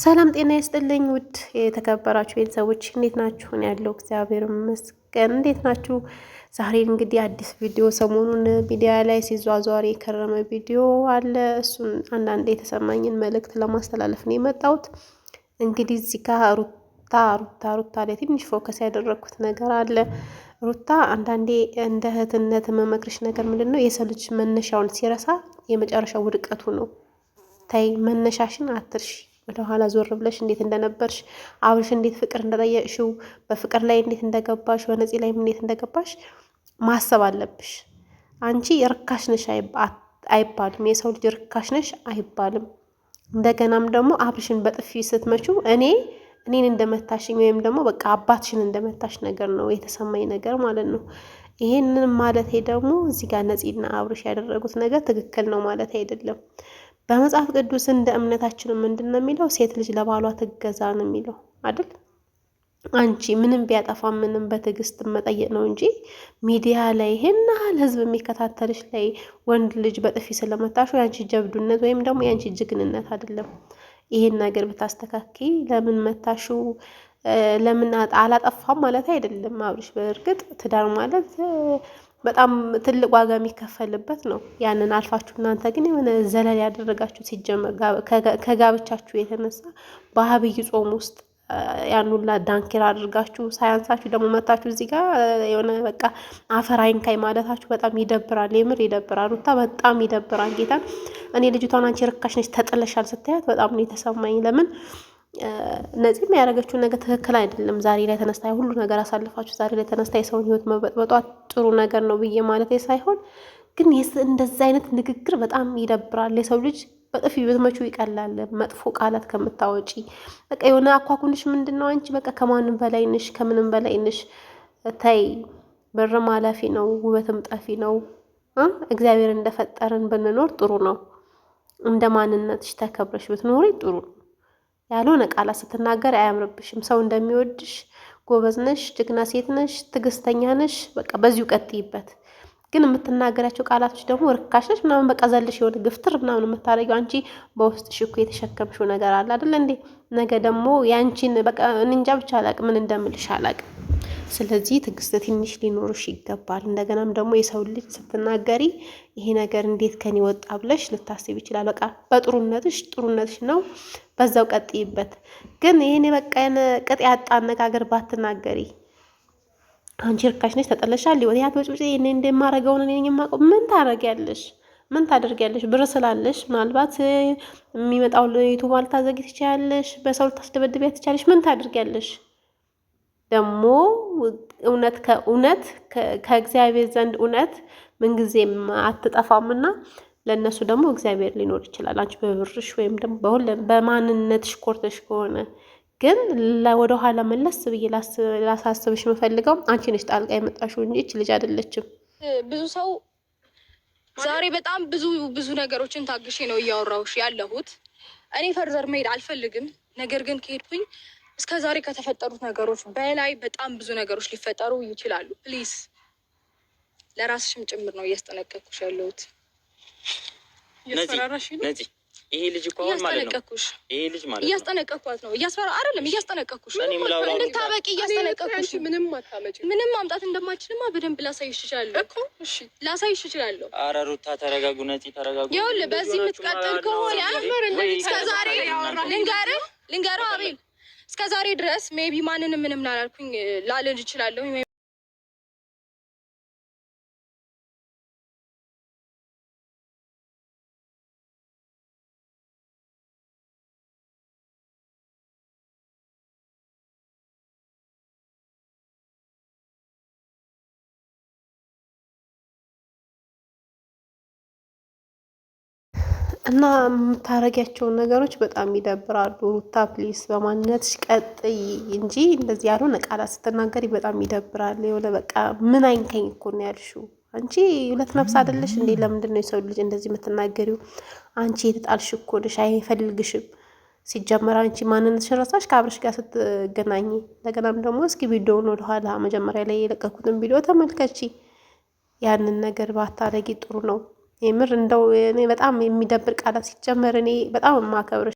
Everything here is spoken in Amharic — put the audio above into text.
ሰላም ጤና ይስጥልኝ ውድ የተከበራችሁ ቤተሰቦች እንዴት ናችሁ? እኔ ያለው እግዚአብሔር ይመስገን። እንዴት ናችሁ? ዛሬ እንግዲህ አዲስ ቪዲዮ ሰሞኑን ሚዲያ ላይ ሲዟዟር የከረመ ቪዲዮ አለ። እሱን አንዳንድ የተሰማኝን መልእክት ለማስተላለፍ ነው የመጣሁት። እንግዲህ እዚህ ጋር ሩታ ሩታ ሩታ ላይ ትንሽ ፎከስ ያደረግኩት ነገር አለ። ሩታ አንዳንዴ እንደ እህትነት መመክርሽ ነገር ምንድን ነው፣ የሰው ልጅ መነሻውን ሲረሳ የመጨረሻው ውድቀቱ ነው። ታይ መነሻሽን አትርሺ ወደኋላ ዞር ብለሽ እንዴት እንደነበርሽ አብርሽ እንዴት ፍቅር እንደጠየቅሽው በፍቅር ላይ እንዴት እንደገባሽ በነፂ ላይም እንዴት እንደገባሽ ማሰብ አለብሽ። አንቺ የርካሽ ነሽ አይባልም። የሰው ልጅ ርካሽ ነሽ አይባልም። እንደገናም ደግሞ አብርሽን በጥፊ ስትመችው እኔ እኔን እንደመታሽኝ ወይም ደግሞ በቃ አባትሽን እንደመታሽ ነገር ነው የተሰማኝ ነገር ማለት ነው። ይሄንን ማለት ደግሞ እዚህ ጋር ነፂና አብርሽ ያደረጉት ነገር ትክክል ነው ማለት አይደለም። በመጽሐፍ ቅዱስ እንደ እምነታችን ምንድን ነው የሚለው? ሴት ልጅ ለባሏ ትገዛ ነው የሚለው አይደል? አንቺ ምንም ቢያጠፋ ምንም በትዕግስት መጠየቅ ነው እንጂ ሚዲያ ላይ ይሄን ያህል ህዝብ የሚከታተልሽ ላይ ወንድ ልጅ በጥፊ ስለመታሹ የአንቺ ጀብዱነት ወይም ደግሞ የአንቺ ጅግንነት አይደለም። ይሄን ነገር ብታስተካኪ ለምን መታሹ ለምን አላጠፋም ማለት አይደለም። አብርሽ በእርግጥ ትዳር ማለት በጣም ትልቅ ዋጋ የሚከፈልበት ነው። ያንን አልፋችሁ እናንተ ግን የሆነ ዘለል ያደረጋችሁ ሲጀመር ከጋብቻችሁ የተነሳ በአብይ ጾም ውስጥ ያን ሁላ ዳንኪራ አድርጋችሁ ሳያንሳችሁ ደግሞ መታችሁ እዚህ ጋር የሆነ በቃ አፈር አይንካኝ ማለታችሁ በጣም ይደብራል። የምር ይደብራል። ሩታ በጣም ይደብራል። ጌታን እኔ ልጅቷን አንቺ ርካሽ ነች ተጥለሻል ስታያት በጣም ነው የተሰማኝ። ለምን ነፂም ያደረገችው ነገር ትክክል አይደለም። ዛሬ ላይ ተነስታ ሁሉ ነገር አሳልፋችሁ ዛሬ ላይ ተነስታ የሰውን ህይወት መበጥበጧ ጥሩ ነገር ነው ብዬ ማለት ሳይሆን ግን እንደዚህ አይነት ንግግር በጣም ይደብራል። የሰው ልጅ በጥፊ ብትመቹ ይቀላል፣ መጥፎ ቃላት ከምታወጪ። በቃ የሆነ አኳኩንሽ ምንድን ነው አንቺ? በቃ ከማንም በላይ ንሽ፣ ከምንም በላይ ንሽ። ተይ፣ ብር ማለፊ ነው፣ ውበትም ጠፊ ነው። እግዚአብሔር እንደፈጠርን ብንኖር ጥሩ ነው። እንደ ማንነትሽ ተከብረሽ ብትኖሪ ጥሩ ነው። ያልሆነ ቃላት ስትናገር አያምርብሽም። ሰው እንደሚወድሽ ጎበዝ ነሽ፣ ጀግና ሴት ነሽ፣ ትግስተኛ ነሽ፣ በቃ በዚሁ ቀጥይበት። ግን የምትናገራቸው ቃላቶች ደግሞ ርካሽ ነሽ ምናምን በቃ ዘልሽ የሆነ ግፍትር ምናምን የምታደርጊው አንቺ በውስጥሽ እኮ የተሸከምሽው ነገር አለ አይደል እንዴ? ነገ ደግሞ የአንቺን በቃ እንጃ ብቻ አላቅ ምን እንደምልሽ አላቅ ስለዚህ ትዕግስት ትንሽ ሊኖርሽ ይገባል። እንደገናም ደግሞ የሰው ልጅ ስትናገሪ ይሄ ነገር እንዴት ከኔ ወጣ ብለሽ ልታስብ ይችላል። በቃ በጥሩነትሽ ጥሩነትሽ ነው፣ በዛው ቀጥይበት። ግን ይሄን በቃ ቅጥ ያጣ አነጋገር ባትናገሪ አንቺ ርካሽ ነሽ፣ ተጠለሻል። ወ ያት ወጭ ወጭ እኔ እንደማረገውን የማቆ ምን ታረጊያለሽ? ምን ታደርጊያለሽ? ብር ስላለሽ ምናልባት የሚመጣው ዩቱብ ልታዘጊ ትችያለሽ። በሰው ልታስደበድቢያ ትችያለሽ። ምን ታደርጊያለሽ? ደግሞ እውነት ከእውነት ከእግዚአብሔር ዘንድ እውነት ምንጊዜም አትጠፋምና ለእነሱ ደግሞ እግዚአብሔር ሊኖር ይችላል። አንቺ በብርሽ ወይም ደግሞ በማንነትሽ ኮርተሽ ከሆነ ግን ወደ ኋላ መለስ ብዬ ላሳስብሽ የምፈልገው አንቺ ነሽ ጣልቃ የመጣሽው እንጂ ይች ልጅ አይደለችም። ብዙ ሰው ዛሬ በጣም ብዙ ብዙ ነገሮችን ታግሼ ነው እያወራሁሽ ያለሁት። እኔ ፈርዘር መሄድ አልፈልግም፣ ነገር ግን ከሄድኩኝ እስከ ዛሬ ከተፈጠሩት ነገሮች በላይ በጣም ብዙ ነገሮች ሊፈጠሩ ይችላሉ። ፕሊዝ ለራስሽም ጭምር ነው እያስጠነቀኩሽ ያለሁት። ይሄ ልጅ እኮ አሁን ማለት ነው ይሄ ልጅ ማለት ነው እያስጠነቀቅኳት ነው። እያስፈራ አይደለም እያስጠነቀቅኩሽ፣ እንድታበቂ እያስጠነቀኩሽ። ምንም አታመጪም፣ ምንም ማምጣት እንደማችልማ በደንብ ላሳይሽ እችላለሁ እኮ። እሺ ላሳይሽ እችላለሁ። ኧረ ሩታ ተረጋጉ፣ ነፂ ተረጋጉ። ይኸውልህ በዚህ የምትቀጥል ከሆነ እስከ ዛሬ ልንገርህ ልንገርህ አቤል እስከ ዛሬ ድረስ ሜቢ ማንንም ምንም ላላልኩኝ ላልን እችላለሁ። እና የምታረጊያቸውን ነገሮች በጣም ይደብራሉ። ሩታ ፕሊስ በማንነትሽ ቀጥይ እንጂ እንደዚህ ያልሆነ ቃላት ስትናገሪ በጣም ይደብራል። የሆነ በቃ ምን አይንከኝ እኮ ነው ያልሽው። አንቺ ሁለት ነፍስ አይደለሽ እንዴ? ለምንድን ነው የሰው ልጅ እንደዚህ የምትናገሪው? አንቺ የተጣልሽ እኮ ነሽ፣ አይፈልግሽም። ሲጀመር አንቺ ማንነትሽን ረሳሽ ከአብረሽ ጋር ስትገናኝ። እንደገናም ደግሞ እስኪ ቪዲዮውን ወደኋላ መጀመሪያ ላይ የለቀኩትን ቪዲዮ ተመልከቺ። ያንን ነገር ባታረጊ ጥሩ ነው። የምር እንደው እኔ በጣም የሚደብር ቃላት ሲጀመር እኔ በጣም የማከብርሽ